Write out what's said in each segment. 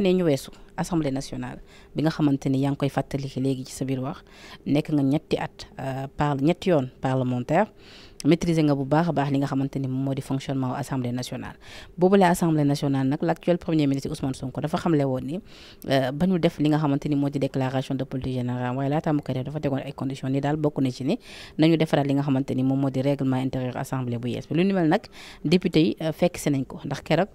ne ñu weesu assemblée nationale bi nga xamante ni yaa ngi koy fàttali léegi ci sa biir wax nekk nga ñetti at euh, par ñetti yoon parlementaire maîtriser nga bu baax a baax li nga xamante ni moo di fonctionnement wu assemblée nationale. boobu la assemblée nationale nag l' actuel premier ministre Ousmane Sonko dafa xamle woon ni euh, ba ñu def li nga xamante ni moo di déclaration de politique générale waaye laataa mu koy def dafa tegoon ay conditions ni daal bokk na ci ni nañu defaraat li nga xamante ni moom moo di règlement intérieur assemblée bu yees bi lu ni mel nag député yi euh, fekk si nañ ko ndax keroog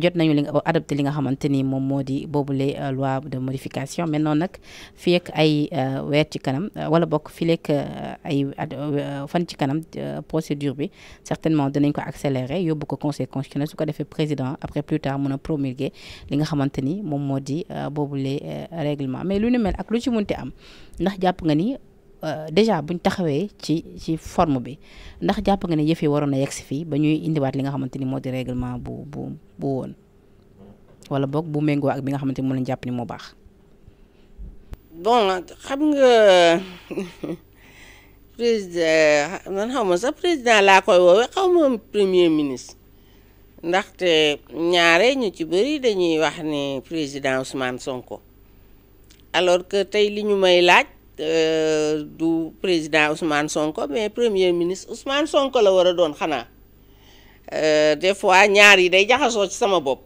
jot nañu li adopté li nga xamante ni moom moo di boobule Euh, loi de modification maintenant nag fi ak ay euh, weer ci kanam euh, wala bokk fii ak ay fan ci kanam procédure bi certainement danañ ko accélérer yóbbu ko conseil constitutionnel su ko defee président après plus tard mën a promulguer li nga xamante ni moom moo di boobulee règlement mais lu ni mel ak lu ci munte am ndax jàpp nga ni déjà buñ taxawee ci ci forme bi ndax jàpp nga ne yëf yi waroon a yegg si fii ba ñuy indiwaat li nga xamante ni moo di règlement bu bu bu woon wala boog bu méngoo ak bi nga xamante ni moom lañ jàpp ni moo baax. bon xam nga président man xaw ma sax président laa koy woowee xaw ma premier ministre ndaxte ñaare ñu ci bëri dañuy wax ni président Ousmane Sonko alors que tey li ñu may laaj euh, du président Ousmane Sonko mais premier ministre Ousmane Sonko la war a doon xanaa euh, des fois ñaar yi day jaxasoo ci sama bopp.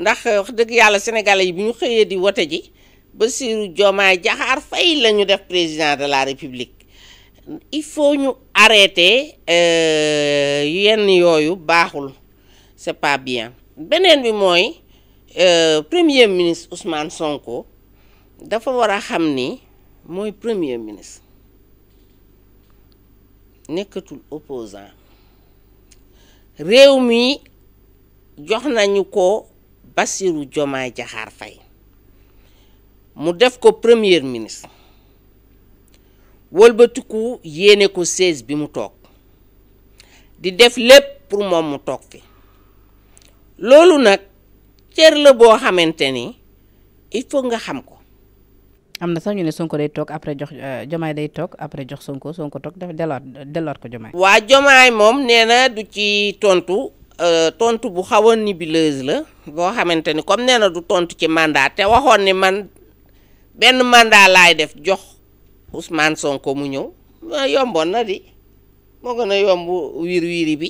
ndax wax dëgg yàlla sénégalais yi bu ñu xëyee di wote ji ba Bassirou Diomaye Diakhar Faye la ñu def président de la république il faut ñu arrêter euh, yenn yooyu baaxul c'est pas bien beneen bi mooy euh, premier ministre Ousmane Sonko dafa war a xam ni mooy premier ministre nekkatul opposant réew mi jox nañu ko Bassirou Diomaye Diakhar Faye mu def ko première ministre walbatiku yéene ko siège bi mu toog di def lépp pour moom mu toog fi loolu nag cër la boo xamante ni il faut nga xam ko. am na sax ñu ne Sonko day toog après jox euh, Diomaye day toog après jox Sonko Sonko toog def delluwaat delluwaat ko Diomaye. waa Diomaye moom nee du ci tontu. Euh, tontu bu xaw a nébuleuse la boo xamante ni comme nee na du tontu ci mandat te waxoon ni man benn màndaa laay def jox Ousmane Sonko mu ñëw ah, yomboon na di moo gën a yomb wiir wiiri bi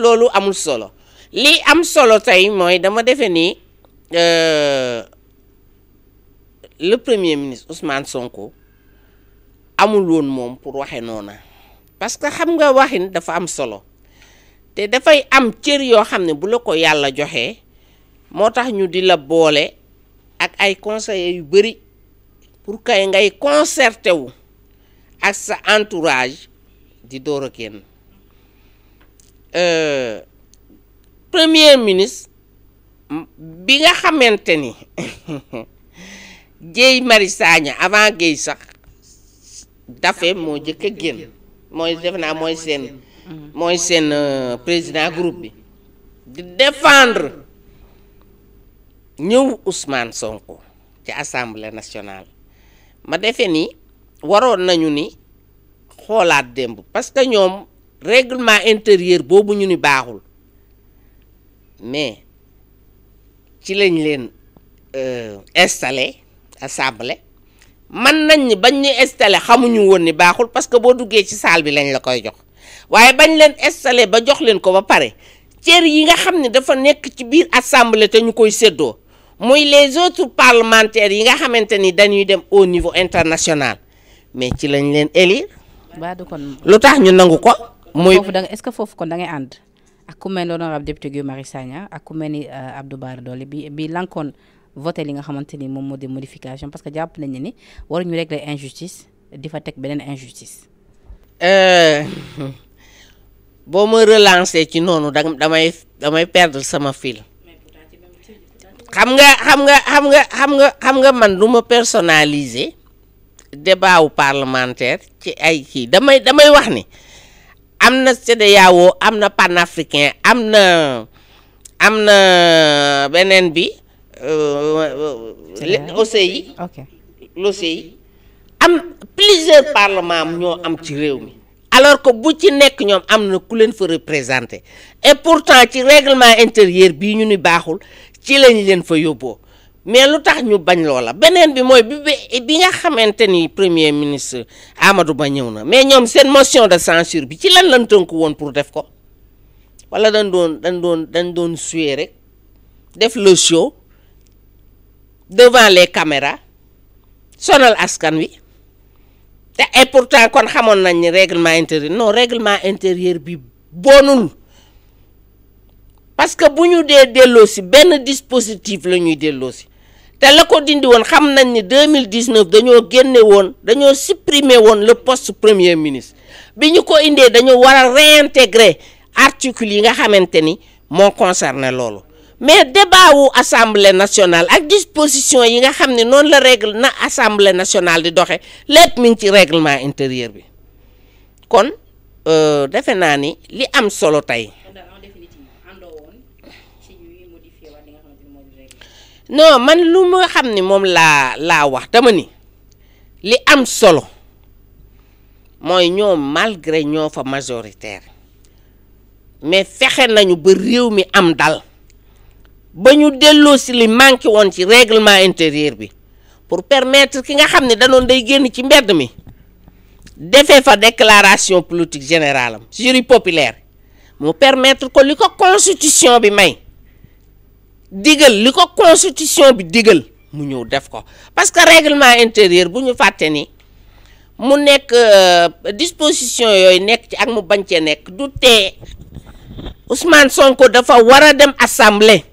loolu amul solo li am solo tey mooy dama defe nii euh, le premier ministre Ousmane Sonko amul woon moom pour waxe noona parce que xam nga waxin dafa am solo te dafay am cër yoo xam ne bu la ko yàlla joxee moo tax ñu di la boole ak ay conseillers yu bëri pour kay ngay concerté wu ak sa entourage di door a génn euh, premier ministre bi nga xamante ni Guy Marius Sagna avant Guy sax dafe moo jëkk a génn mooy def naa mooy seen mooy seen euh, président groupe bi di défendre ñëw Ousmane Sonko ci assemblée national ma defe nii waroon nañu ni xoolaat démb parce que ñoom règlement intérieur boobu ñu ni baaxul mais ci lañ leen euh, installé assemblée man nañ ni bañ ñu installé xamuñu woon ni baaxul parce que boo duggee ci saal bi lañ la koy jox waaye bañ leen installé ba jox leen ko ba pare cër yi nga xam ne dafa nekk ci biir assemblée te ñu koy séddoo muy les autres parlementaires yi nga xamante ni dañuy dem au niveau international mais ci lañ leen élire. kon lu tax ñu nangu ko. muy foofu da nga est-ce que foofu kon da ngay ànd ak ku mel ne honorable député Guy Marius Sagna ak ku mel ni euh, Abdou Bara Dolly bi bi lankoon voté li nga xamante ni moom moo di modification parce que jàpp nañu ni waruñu régler injustice di fa teg beneen injustice. Euh, boo ma relancer ci noonu da damay damay perdre sama fil xam nga xam nga xam nga xam nga xam nga man du ma personnaliser débat wu parlementaire ci ay kii damay damay wax ni am na CEDEAO am na panafricain am na am na beneen bi. Euh, euh, OCI. ok l'OCI. am plusieurs parlements ñoo am ci réew mi alors que bu ci nekk ñoom am na ku leen fa représenté et pourtant ci règlement intérieur bii ñu ni baaxul ci lañ leen fa yóbboo mais lu tax ñu bañ loola beneen bi mooy bi bi nga xamante ni premier ministre Amadou Ba ñëw na mais ñoom seen motion de censure bi ci lan lan tënku woon pour def ko wala dañ doon dañ doon dañ rek def le show devant les caméras sonal askan wi te ay pourtant kon xamoon nañ ni réglement intérieur non réglement intérieur bi bonul parce que bu ñu dee delloo si benn dispositif la ñuy delloo si te la ko dindi woon xam nañ ni mille dix 2019 dañoo génne woon dañoo supprimer woon le poste premier ministre bi ñu ko indee dañoo war a réintégrer article yi nga xamante ni moo concerné loolu mais débat wu assemblée nationale ak disposition yi nga xam ne noonu la régle na assemblée nationale di doxe lépp mi ngi ci règlement intérieur bi kon euh, defe naa ni li am solo tey. no man lu ma xam ni moom laa laa wax dama ni li am solo mooy ñoom malgré ñoo fa majoritaire mais fexe nañu ba réew mi am dal. ba ñu delloo si li manqué woon ci réglement intérieur bi pour permettre ki nga xam ne danoon day génn ci mbedd mi defee fa déclaration politique générale am jury populaire mu permettre ko li ko constitution bi may digal li ko constitution bi digal mu ñëw def ko parce que règlement intérieur bu ñu fàttee ni mu nekk euh, disposition yooyu nekk ci ak mu bañ cee nekk du tee Ousmane Sonko dafa war a dem assemblée.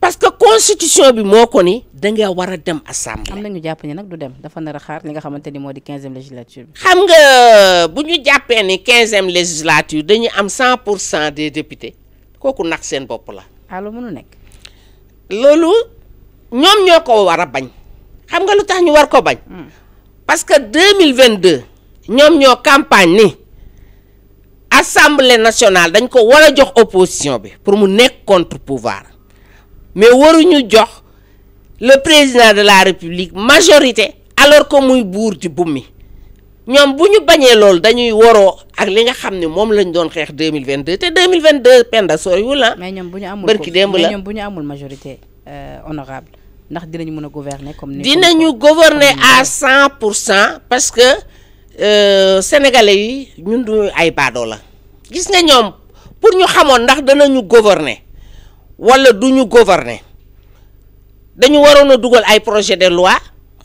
parce que constitution bi moo ko ni da nga war a dem assemblée. am na ñu jàpp ne nag du dem dafa nar a xaar li nga xamante ni moo di quinzième législature bi. xam nga bu ñu jàppee ni quinzième législature dañu am cent pour cent des députés kooku nag seen bopp la. allo ah, mënu nekk. loolu ñoom ñoo ko war a bañ xam nga lu tax ñu war ko bañ. Hmm. parce que deux mille vingt deux ñoom ñoo campagne ni assemblée national dañ ko war a jox opposition bi pour mu nekk contre mais waruñu jox le président de la république majorité alors que muy buur di bummi ñoom bu ñu bañee loolu dañuy waroo ak li nga xam ne moom lañ doon xeex deux mille vingt deux te deux mille vingt deux penda soriwul ah. mais ñoom bu ñu amul bërki démb la mais ñoom bu ñu amul majorité euh, ndax dinañu mën a gouverner comme ni dinañu gouverner à cent pour cent parce que euh, sénégalais yi ñun du ay baadoo la gis nga ñoom pour ñu xamoon ndax danañu gouverner. wala du ñu gouverner dañu waroon a dugal ay projet de loi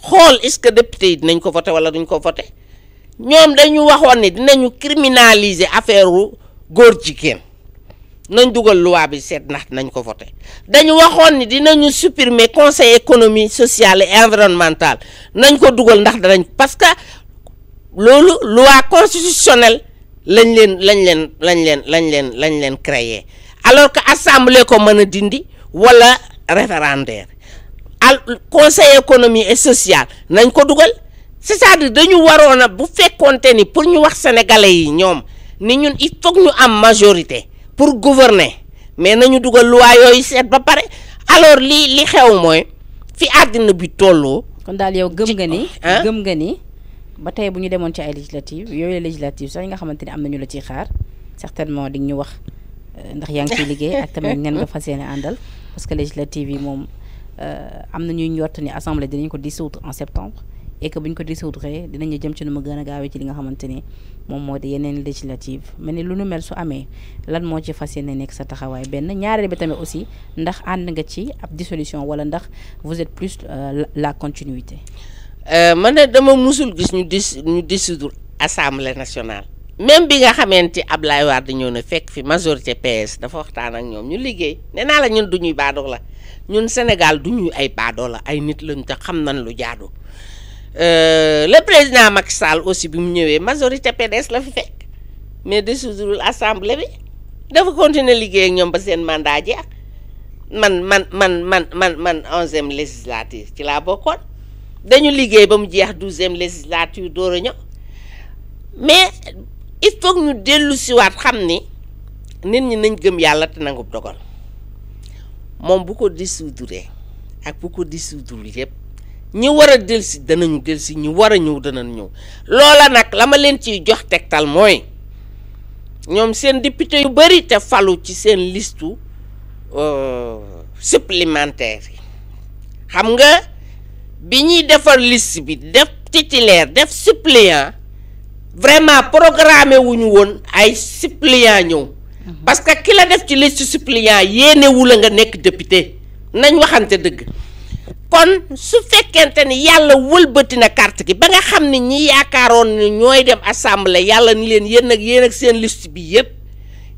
xool est-ce que député yi dinañ ko voté wala duñ ko voté ñoom dañu waxoon ni dinañu criminaliser affaire wu góor jigéen nañ dugal loi bi seet ndax nañ ko voté dañu waxoon ni dinañu supprimer conseil économie sociale et environnemental nañ ko dugal ndax danañ parce que loolu loi constitutionnelle lañ leen lañ leen lañ leen lañ leen lañ leen créer alors que assemblée ko mën a dindi wala référendaire al conseil économique et social nañ ko dugal c'est-à-dire dañu waroon a bu fekkoonte ni pour ñu wax sénégalais yi ñoom ni ñun il faut ñu am majorité pour gouverner mais nañu dugal loi yooyu seet ba pare alors li li xew mooy fi àddina bi tolloo. kon daal yow gëm nga ni ah? gëm nga ni ba tey bu ñu demoon ci ay législative yooyu législative sax yi nga xamante ni am nañu la ciy xaar certainement di ñu wax. ndax yaa ngi ciy liggéey ak tamit ñan nga fas yéene àndal parce que législative yi moom euh, am na ñuy njort ni assemblée dinañ ko dissoudre en septembre et que bu ñu ko dissoudre dinañu jëm ci nu ma gën a gaawee ci li nga xamante ni moom moo di yeneen législative mais ni lu nu mel su amee lan moo ci fas yéene nekk sa taxawaay benn ñaareel bi tamit aussi ndax ànd nga ci ab dissolution wala ndax vous êtes plus euh, la continuité. Euh, man ne dama mosul gis ñu dis ñu dissoudre assemblée nationale. même bi nga xamante Ablaye Wade ñëw na fekk fi majorité PS dafa waxtaan ak ñoom ñu liggéey nee naa la ñun du ñuy baadoo la ñun Sénégal du ay baadoo la ay nit lañ te xam nañ lu jaadu euh, le président Macky Sall aussi bi mu ñëwee majorité PDS la fi fekk mais dissoudre assemblée bi dafa continuer liggéey ak ñoom ba seen mandat jeex man man man man man man onzième législature ci laa bokkoon dañu liggéey ba mu jeex douzième législature door a ñëw il faut ñu dellu siwaat xam ni nit ñi nañ gëm yàlla te nangu dogal moom bu ko dissoudre ak bu ko dissoudre yëpp ñi war a delsi danañu delsi ñi war a ñëw danañ ñëw loola nag lama leen ciy jox tegtal mooy ñoom seen député yu bari te falu ci seen listu euh, supplémentaire yi xam nga bi ñuy defar liste bi def titulaire def suppléant vraiment programmé wuñu woon ay suppléant ñëw mhm. parce que ki la def ci liste suppléant yéenewula nga nekk député nañ waxante dëgg kon su fekkente ni yàlla wëlbati na kart gi ba nga xam ne ñi yaakaaroon ni ñooy dem assemblée yàlla ni leen yéen ak yéen ak seen liste bi yépp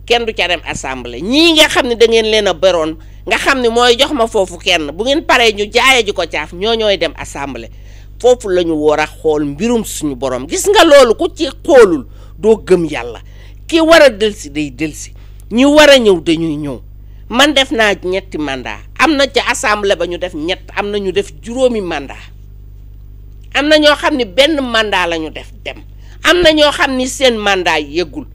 kenn du ca dem assemblée ñii nga xam ne da ngeen leen a beroon nga xam ne mooy jox ma foofu kenn bu ngeen paree ñu jaayee ji ko caaf ñoo ñooy dem assemblée foofu la ñu war a xool mbirum suñu boroom gis nga loolu ku ci xoolul doo gëm yàlla ki war a delsi day delsi ñi war a ñëw dañuy ñëw man def naa ñetti màndaa am na ci assemblée ba ñu def ñett am na ñu def juróomi mandat am na ñoo xam ni benn màndaa lañu def dem am na ñoo xam ni seen mandat yëggul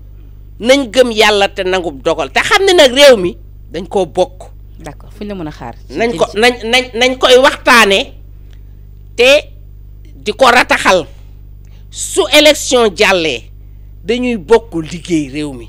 nañ gëm yàlla te nangub dogal te xam ne nag réew mi dañ koo bokk. d'accord mën a nañ ko nañ nañ nañ koy waxtaanee te. di ko rataxal su élection jàllee dañuy bokk liggéey réew mi.